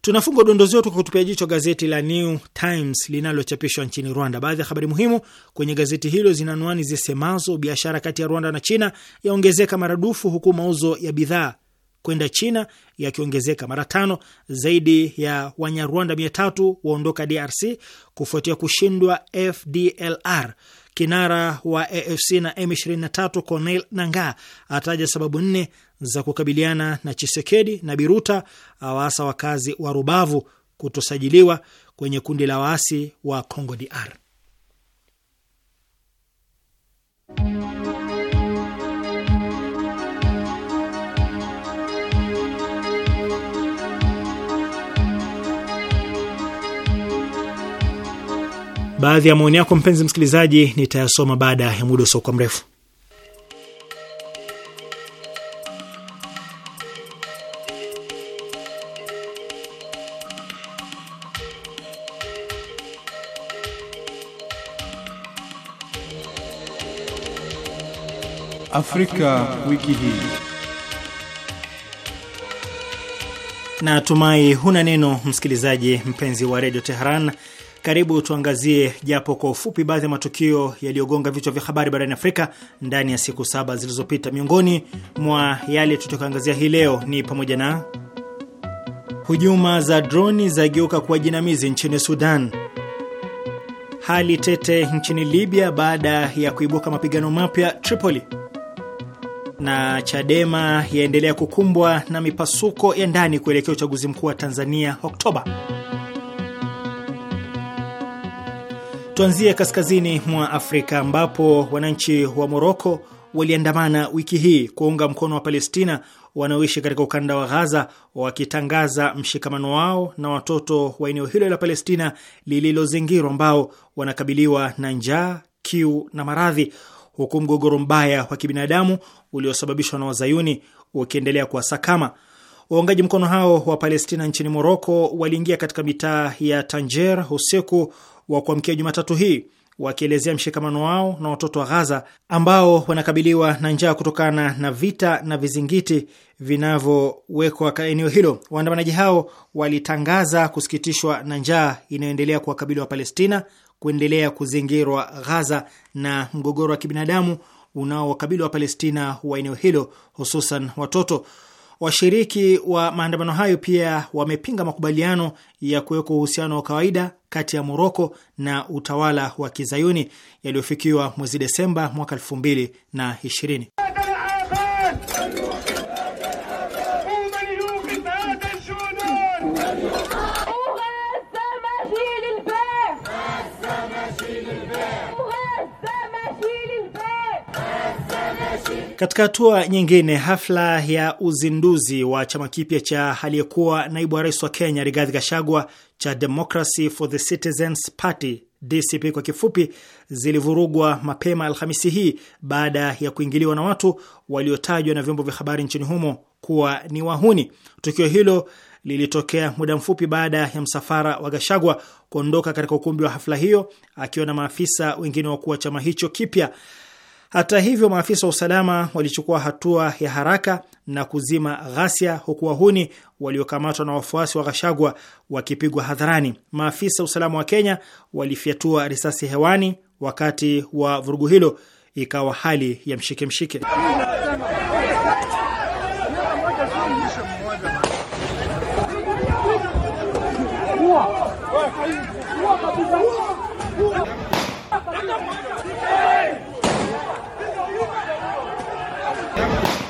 Tunafunga udondozi wetu kwa kutupia jicho gazeti la New Times linalochapishwa nchini Rwanda. Baadhi ya habari muhimu kwenye gazeti hilo zina anwani zisemazo biashara kati ya Rwanda na China yaongezeka maradufu huku mauzo ya bidhaa kwenda China yakiongezeka mara tano. Zaidi ya Wanyarwanda mia tatu waondoka DRC kufuatia kushindwa FDLR. Kinara wa AFC na M23 Cornel nanga ataja sababu nne za kukabiliana na Chisekedi, na Biruta awaasa wakazi wa Rubavu kutosajiliwa kwenye kundi la waasi wa Congo DR. Baadhi ya maoni yako mpenzi msikilizaji nitayasoma baada ya muda usiokuwa mrefu. Afrika, wiki hii. Natumai huna neno msikilizaji mpenzi wa redio Teheran karibu tuangazie japo kwa ufupi baadhi ya matukio yaliyogonga vichwa vya habari barani Afrika ndani ya siku saba zilizopita. Miongoni mwa yale tutakaangazia hii leo ni pamoja na hujuma za droni zageuka kuwa jinamizi nchini Sudan, hali tete nchini Libya baada ya kuibuka mapigano mapya Tripoli, na Chadema yaendelea kukumbwa na mipasuko ya ndani kuelekea uchaguzi mkuu wa Tanzania Oktoba. Tuanzie kaskazini mwa Afrika ambapo wananchi wa Moroko waliandamana wiki hii kuunga mkono wa Palestina wanaoishi katika ukanda wa Ghaza, wakitangaza mshikamano wao na watoto wa eneo hilo la Palestina lililozingirwa, ambao wanakabiliwa na njaa, kiu na maradhi, huku mgogoro mbaya wa kibinadamu uliosababishwa na wazayuni ukiendelea kuwasakama. Waungaji mkono hao wa Palestina nchini Moroko waliingia katika mitaa ya Tanger usiku wa kuamkia Jumatatu hii wakielezea mshikamano wao na watoto wa Ghaza ambao wanakabiliwa na njaa kutokana na vita na vizingiti vinavyowekwa eneo hilo. Waandamanaji hao walitangaza kusikitishwa na njaa inayoendelea kuwakabili wa Palestina, kuendelea kuzingirwa Ghaza na mgogoro wa kibinadamu unaowakabili wa Palestina wa eneo hilo, hususan watoto. Washiriki wa maandamano hayo pia wamepinga makubaliano ya kuwekwa uhusiano wa kawaida kati ya Moroko na utawala wa kizayuni yaliyofikiwa mwezi Desemba mwaka elfu mbili na ishirini. Katika hatua nyingine, hafla ya uzinduzi wa chama kipya cha aliyekuwa naibu wa rais wa Kenya Rigathi Gachagua cha Democracy for the Citizens Party DCP kwa kifupi, zilivurugwa mapema Alhamisi hii baada ya kuingiliwa na watu waliotajwa na vyombo vya habari nchini humo kuwa ni wahuni. Tukio hilo lilitokea muda mfupi baada ya msafara wa gashagwa kuondoka katika ukumbi wa hafla hiyo akiwa na maafisa wengine wakuu wa chama hicho kipya. Hata hivyo, maafisa wa usalama walichukua hatua ya haraka na kuzima ghasia, huku wahuni waliokamatwa na wafuasi wa Ghashagwa wakipigwa hadharani. Maafisa wa usalama wa Kenya walifyatua risasi hewani wakati wa vurugu hilo, ikawa hali ya mshike mshike.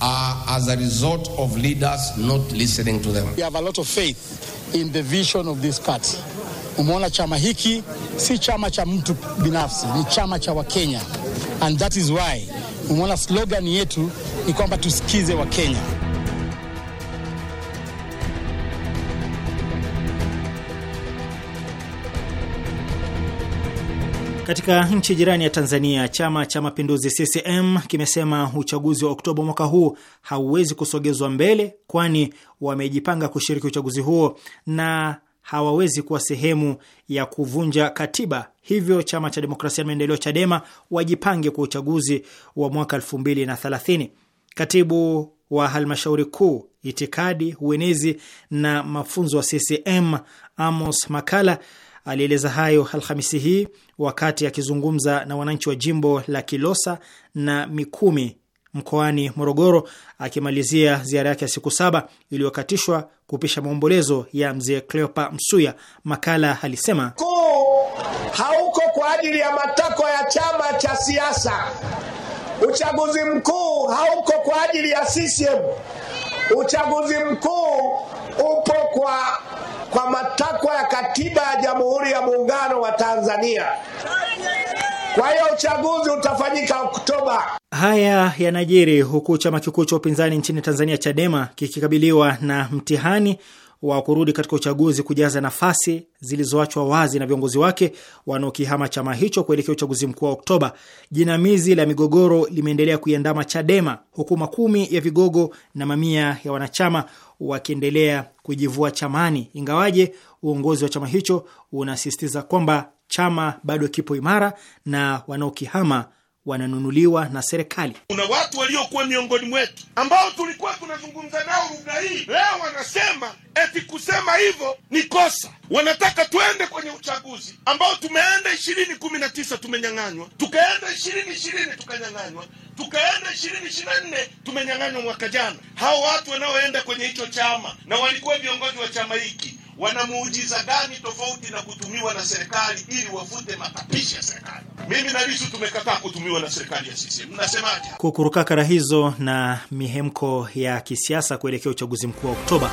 are as a result of leaders not listening to them. We have a lot of faith in the vision of this party. Umeona chama hiki si chama cha mtu binafsi, ni chama cha Wakenya, and that is why umeona slogan yetu ni kwamba tusikize Wakenya. Katika nchi jirani ya Tanzania, chama cha mapinduzi CCM kimesema uchaguzi wa Oktoba mwaka huu hauwezi kusogezwa mbele, kwani wamejipanga kushiriki uchaguzi huo na hawawezi kuwa sehemu ya kuvunja katiba. Hivyo chama cha demokrasia na maendeleo CHADEMA wajipange kwa uchaguzi wa mwaka thelathini. Katibu wa halmashauri kuu itikadi, uenezi na mafunzo wa CCM Amos Makala Alieleza hayo Alhamisi hii wakati akizungumza na wananchi wa jimbo la Kilosa na Mikumi mkoani Morogoro, akimalizia ziara yake ya siku saba iliyokatishwa kupisha maombolezo ya mzee Cleopa Msuya. Makala alisema kuu hauko kwa ajili ya matakwa ya chama cha siasa. Uchaguzi mkuu hauko kwa ajili ya CCM. Uchaguzi mkuu upo kwa kwa matakwa ya katiba ya Jamhuri ya Muungano wa Tanzania. Kwa hiyo uchaguzi utafanyika Oktoba. Haya yanajiri huku chama kikuu cha upinzani nchini Tanzania, Chadema, kikikabiliwa na mtihani wa kurudi katika uchaguzi kujaza nafasi zilizoachwa wazi na viongozi wake wanaokihama chama hicho kuelekea uchaguzi mkuu wa Oktoba. Jinamizi la migogoro limeendelea kuiandama Chadema huku makumi ya vigogo na mamia ya wanachama wakiendelea kujivua chamani, ingawaje uongozi wa chama hicho unasisitiza kwamba chama bado kipo imara na wanaokihama wananunuliwa na serikali. Kuna watu waliokuwa miongoni mwetu ambao tulikuwa tunazungumza nao lugha hii, leo wanasema eti kusema hivyo ni kosa. Wanataka tuende kwenye uchaguzi ambao tumeenda ishirini kumi na tisa tumenyang'anywa, tukaenda ishirini ishirini tukanyang'anywa, tukaenda ishirini ishirini na nne tumenyang'anywa mwaka jana. Hao watu wanaoenda kwenye hicho chama na walikuwa viongozi wa chama hiki wana muujiza gani tofauti na kutumiwa na serikali ili wafute matapishi ya serikali? Mimi na Lisu tumekataa kutumiwa na serikali ya CCM. Mnasemaje? Kukurukakara hizo na mihemko ya kisiasa kuelekea uchaguzi mkuu wa Oktoba.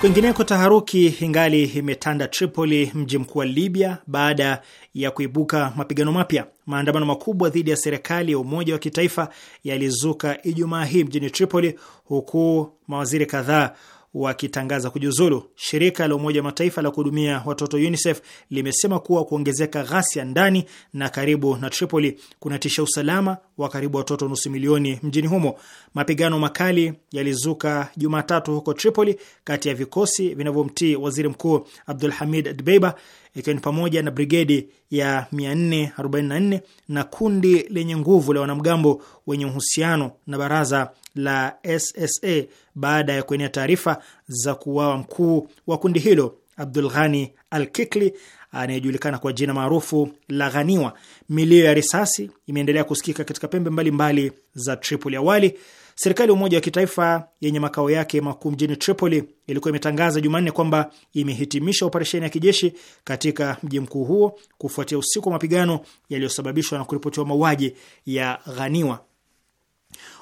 Kwingineko, taharuki ingali imetanda Tripoli, mji mkuu wa Libya, baada ya kuibuka mapigano mapya. Maandamano makubwa dhidi ya serikali ya umoja wa kitaifa yalizuka Ijumaa hii mjini Tripoli, huku mawaziri kadhaa wakitangaza kujiuzulu. Shirika la Umoja Mataifa la kuhudumia watoto UNICEF limesema kuwa kuongezeka ghasia ndani na karibu na Tripoli kunatisha usalama wa karibu watoto nusu milioni mjini humo. Mapigano makali yalizuka Jumatatu huko Tripoli kati ya vikosi vinavyomtii waziri mkuu Abdul Hamid Dbeiba ikiwa ni pamoja na brigedi ya 444 na kundi lenye nguvu la wanamgambo wenye uhusiano na baraza la SSA baada ya kuenea taarifa za kuuawa mkuu wa kundi hilo Abdul Ghani Al-Kikli anayejulikana kwa jina maarufu la Ghaniwa. Milio ya risasi imeendelea kusikika katika pembe mbalimbali mbali za Tripoli. Awali serikali ya Umoja wa Kitaifa yenye makao yake makuu mjini Tripoli ilikuwa imetangaza Jumanne kwamba imehitimisha operesheni ya kijeshi katika mji mkuu huo kufuatia usiku wa mapigano yaliyosababishwa na kuripotiwa mauaji ya Ghaniwa.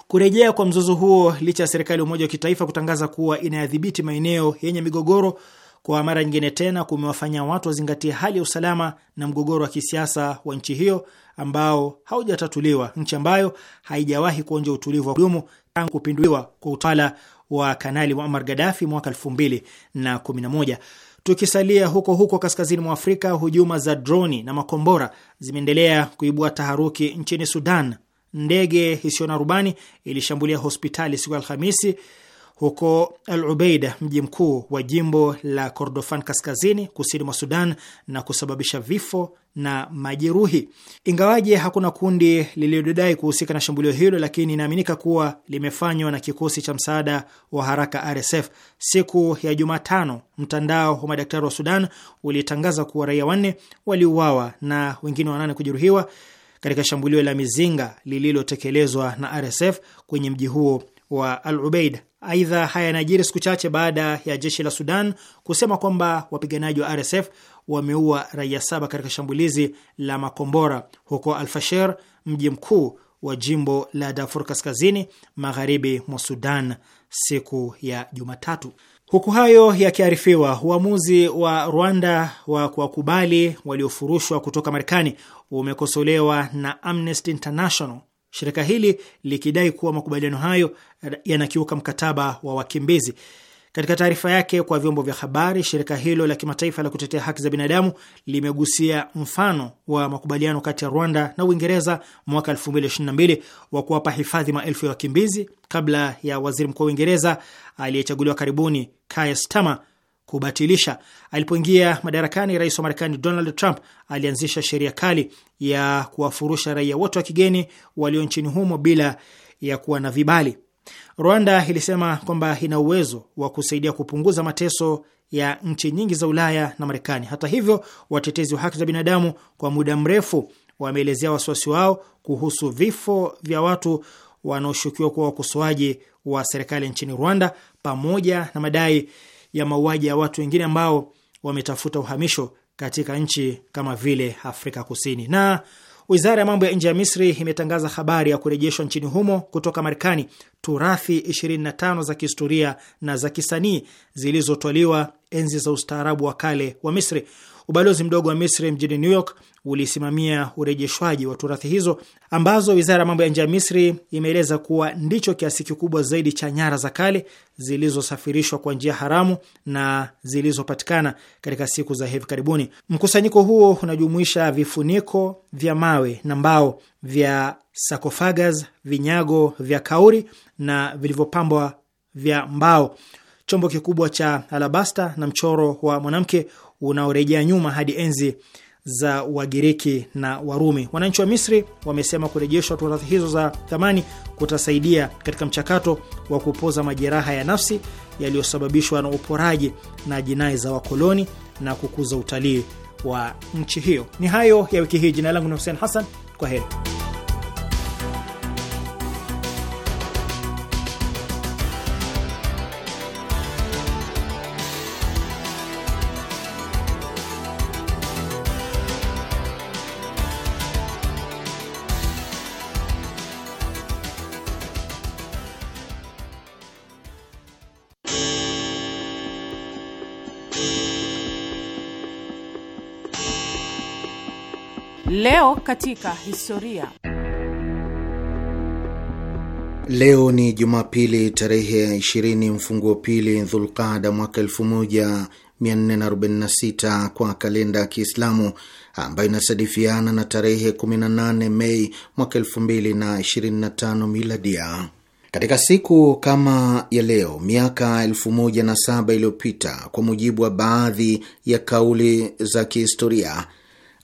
Kurejea kwa mzozo huo licha ya serikali ya umoja wa kitaifa kutangaza kuwa inayadhibiti maeneo yenye migogoro kwa mara nyingine tena kumewafanya watu wazingatie hali ya usalama na mgogoro wa kisiasa wa nchi hiyo ambao haujatatuliwa, nchi ambayo haijawahi kuonja utulivu wa kudumu tangu kupinduliwa kwa utawala wa Kanali Muammar Gaddafi mwaka moja. Tukisalia huko huko kaskazini mwa Afrika, hujuma za droni na makombora zimeendelea kuibua taharuki nchini Sudan ndege isiyo na rubani ilishambulia hospitali siku ya Alhamisi huko Al Ubeida, mji mkuu wa jimbo la Kordofan kaskazini kusini mwa Sudan, na kusababisha vifo na majeruhi. Ingawaje hakuna kundi lililodai kuhusika na shambulio hilo, lakini inaaminika kuwa limefanywa na kikosi cha msaada wa haraka RSF. Siku ya Jumatano, mtandao wa madaktari wa Sudan ulitangaza kuwa raia wanne waliuawa na wengine wanane kujeruhiwa katika shambulio la mizinga lililotekelezwa na RSF kwenye mji huo wa Al Ubeid. Aidha, haya yanajiri siku chache baada ya jeshi la Sudan kusema kwamba wapiganaji wa RSF wameua raia saba katika shambulizi la makombora huko Alfasher, mji mkuu wa jimbo la Darfur kaskazini magharibi mwa Sudan siku ya Jumatatu. Huku hayo yakiarifiwa, uamuzi wa Rwanda wa kuwakubali waliofurushwa kutoka Marekani umekosolewa na Amnesty International, shirika hili likidai kuwa makubaliano hayo yanakiuka mkataba wa wakimbizi. Katika taarifa yake kwa vyombo vya habari, shirika hilo la kimataifa la kutetea haki za binadamu limegusia mfano wa makubaliano kati ya Rwanda na Uingereza mwaka 2022 wa kuwapa hifadhi maelfu ya wakimbizi kabla ya waziri mkuu wa Uingereza aliyechaguliwa karibuni Keir Starmer kubatilisha. Alipoingia madarakani, rais wa Marekani Donald Trump alianzisha sheria kali ya kuwafurusha raia wote wa kigeni walio nchini humo bila ya kuwa na vibali. Rwanda ilisema kwamba ina uwezo wa kusaidia kupunguza mateso ya nchi nyingi za Ulaya na Marekani. Hata hivyo, watetezi wa haki za binadamu kwa muda mrefu wameelezea wasiwasi wao kuhusu vifo vya watu wanaoshukiwa kuwa wakosoaji wa serikali nchini Rwanda pamoja na madai ya mauaji ya watu wengine ambao wametafuta uhamisho katika nchi kama vile Afrika Kusini. Na wizara ya mambo ya nje ya Misri imetangaza habari ya kurejeshwa nchini humo kutoka Marekani turathi 25 za kihistoria na za kisanii zilizotwaliwa enzi za ustaarabu wa kale wa Misri. Ubalozi mdogo wa Misri mjini New York ulisimamia urejeshwaji wa turathi hizo ambazo wizara ya mambo ya nje ya Misri imeeleza kuwa ndicho kiasi kikubwa zaidi cha nyara za kale zilizosafirishwa kwa njia haramu na zilizopatikana katika siku za hivi karibuni. Mkusanyiko huo unajumuisha vifuniko vya mawe na mbao vya sarcophagus, vinyago vya kauri na vilivyopambwa vya mbao, chombo kikubwa cha alabasta na mchoro wa mwanamke unaorejea nyuma hadi enzi za Wagiriki na Warumi. Wananchi wa Misri wamesema kurejeshwa turathi hizo za thamani kutasaidia katika mchakato wa kupoza majeraha ya nafsi yaliyosababishwa na uporaji na jinai za wakoloni na kukuza utalii wa nchi hiyo. Ni hayo ya wiki hii. Jina langu ni Hussein Hassan, kwa heri. katika historia. Leo ni Jumapili tarehe ya ishirini mfunguo pili Dhulqada mwaka elfu 446 kwa kalenda ya Kiislamu ambayo inasadifiana na tarehe 18 Mei mwaka 2025 miladia. Katika siku kama ya leo miaka 1007 iliyopita, kwa mujibu wa baadhi ya kauli za kihistoria,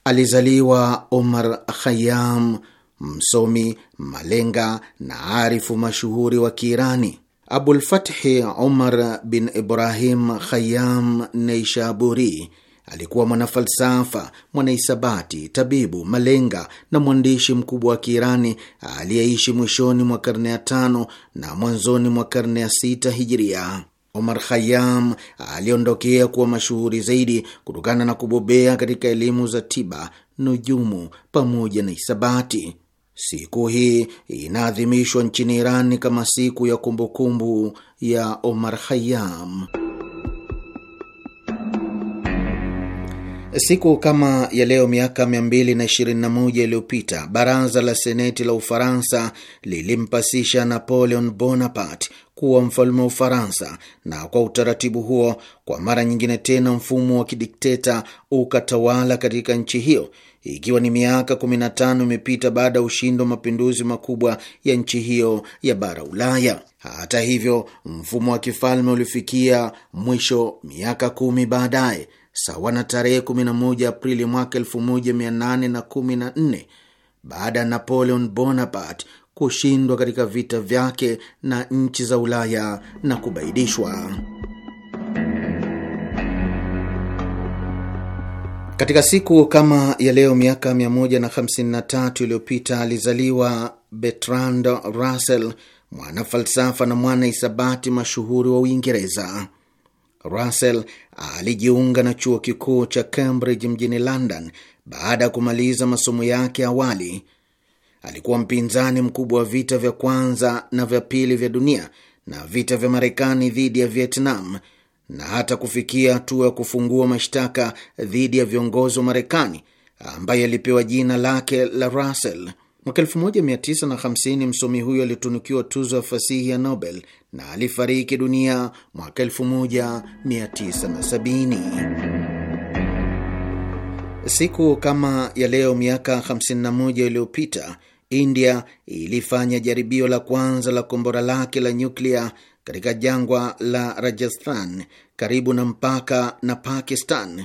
Alizaliwa Omar khayam msomi malenga na arifu mashuhuri wa Kiirani. Abulfathi Omar bin Ibrahim khayam Neishaburi alikuwa mwanafalsafa, mwanahisabati, tabibu, malenga na mwandishi mkubwa wa Kiirani aliyeishi mwishoni mwa karne ya tano na mwanzoni mwa karne ya sita hijiria. Omar Khayam aliondokea kuwa mashuhuri zaidi kutokana na kubobea katika elimu za tiba, nujumu pamoja na hisabati. Siku hii inaadhimishwa nchini Iran kama siku ya kumbukumbu ya Omar Khayam. Siku kama ya leo miaka 221 iliyopita baraza la seneti la Ufaransa lilimpasisha Napoleon Bonaparte kuwa mfalme wa Ufaransa, na kwa utaratibu huo, kwa mara nyingine tena mfumo wa kidikteta ukatawala katika nchi hiyo, ikiwa ni miaka 15 imepita baada ya ushindi wa mapinduzi makubwa ya nchi hiyo ya bara Ulaya. Hata hivyo, mfumo wa kifalme ulifikia mwisho miaka kumi baadaye sawa na tarehe 11 Aprili mwaka 1814 baada ya Napoleon Bonaparte kushindwa katika vita vyake na nchi za Ulaya na kubaidishwa. Katika siku kama ya leo miaka 153 iliyopita alizaliwa Bertrand Russell, mwana falsafa na mwana isabati mashuhuri wa Uingereza. Russell alijiunga na chuo kikuu cha Cambridge mjini London baada ya kumaliza masomo yake awali. Alikuwa mpinzani mkubwa wa vita vya kwanza na vya pili vya dunia na vita vya Marekani dhidi ya Vietnam na hata kufikia hatua ya kufungua mashtaka dhidi ya viongozi wa Marekani ambaye alipewa jina lake la Russell. Mwaka 1950 msomi huyo alitunukiwa tuzo ya fasihi ya Nobel na alifariki dunia mwaka 1970. Siku kama ya leo miaka 51 iliyopita India ilifanya jaribio la kwanza la kombora lake la nyuklia katika jangwa la Rajasthan karibu na mpaka na Pakistan.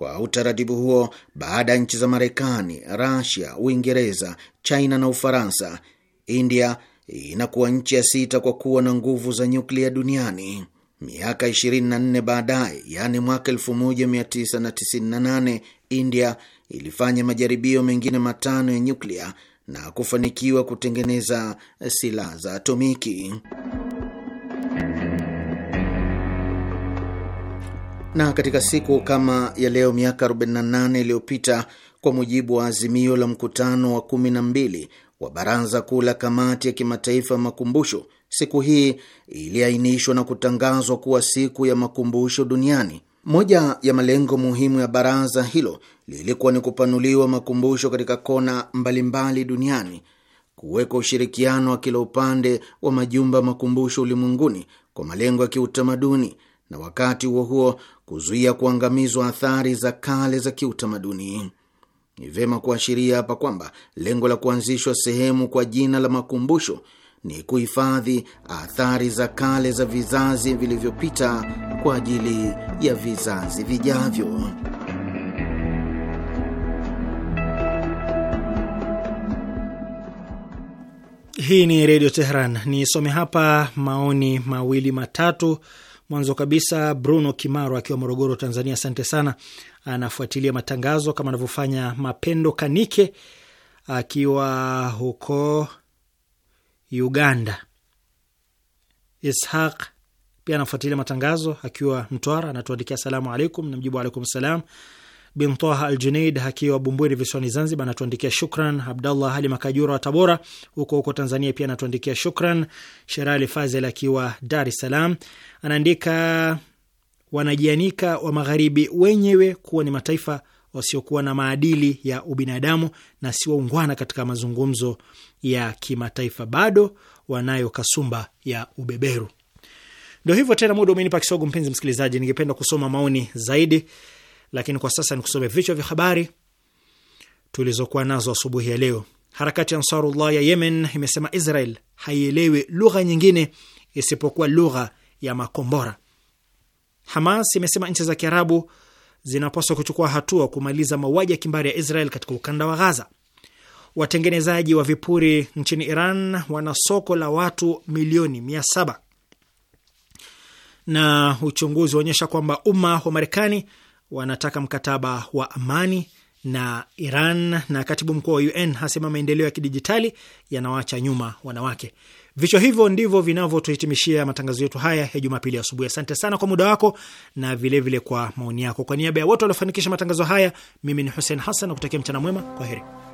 Kwa utaratibu huo, baada ya nchi za Marekani, Rasia, Uingereza, China na Ufaransa, India inakuwa nchi ya sita kwa kuwa na nguvu za nyuklia duniani. Miaka 24 baadaye, yaani mwaka 1998, India ilifanya majaribio mengine matano ya nyuklia na kufanikiwa kutengeneza silaha za atomiki. Na katika siku kama ya leo miaka 48 iliyopita, kwa mujibu wa azimio la mkutano wa 12 wa baraza kuu la kamati ya kimataifa ya makumbusho, siku hii iliainishwa na kutangazwa kuwa siku ya makumbusho duniani. Moja ya malengo muhimu ya baraza hilo lilikuwa ni kupanuliwa makumbusho katika kona mbalimbali duniani, kuweka ushirikiano wa kila upande wa majumba makumbusho ulimwenguni kwa malengo ya kiutamaduni na wakati huo huo kuzuia kuangamizwa athari za kale za kiutamaduni. Ni vema kuashiria hapa kwamba lengo la kuanzishwa sehemu kwa jina la makumbusho ni kuhifadhi athari za kale za vizazi vilivyopita kwa ajili ya vizazi vijavyo. Hii ni Redio Teheran. Nisome hapa maoni mawili matatu Mwanzo kabisa, Bruno Kimaro akiwa Morogoro, Tanzania, asante sana. Anafuatilia matangazo kama anavyofanya Mapendo Kanike akiwa huko Uganda. Ishaq pia anafuatilia matangazo akiwa Mtwara, anatuandikia salamu alaikum, namjibu alaikum salam bin Taha al Junaid akiwa Bumbwiri visiwani Zanzibar anatuandikia shukran. Abdallah Ali Makajura wa Tabora huko huko Tanzania pia anatuandikia shukran. Sherali Fazel akiwa Dar es Salaam anaandika wanajianika wa magharibi wenyewe kuwa ni mataifa wasiokuwa na maadili ya ubinadamu na si waungwana katika mazungumzo ya kimataifa, bado wanayo kasumba ya ubeberu. Ndo hivyo tena, muda umenipa kisogo, mpenzi msikilizaji. Ningependa kusoma maoni zaidi lakini kwa sasa ni kusome vichwa vya habari tulizokuwa nazo asubuhi ya leo. Harakati ya Ansarullah ya Yemen imesema Israel haielewi lugha nyingine isipokuwa lugha ya makombora. Hamas imesema nchi za Kiarabu zinapaswa kuchukua hatua kumaliza mauaji ya kimbari ya Israel katika ukanda wa Gaza. Watengenezaji wa vipuri nchini Iran wana soko la watu milioni mia saba na uchunguzi waonyesha kwamba umma wa Marekani wanataka mkataba wa amani na Iran na katibu mkuu wa UN hasema maendeleo ya kidijitali yanawacha nyuma wanawake. Vichwa hivyo ndivyo vinavyotuhitimishia matangazo yetu haya ya Jumapili asubuhi. Asante sana kwa muda wako na vilevile vile kwa maoni yako. Kwa niaba ya wote waliofanikisha matangazo haya, mimi ni Hussein Hassan na kutakia mchana mwema. Kwa heri.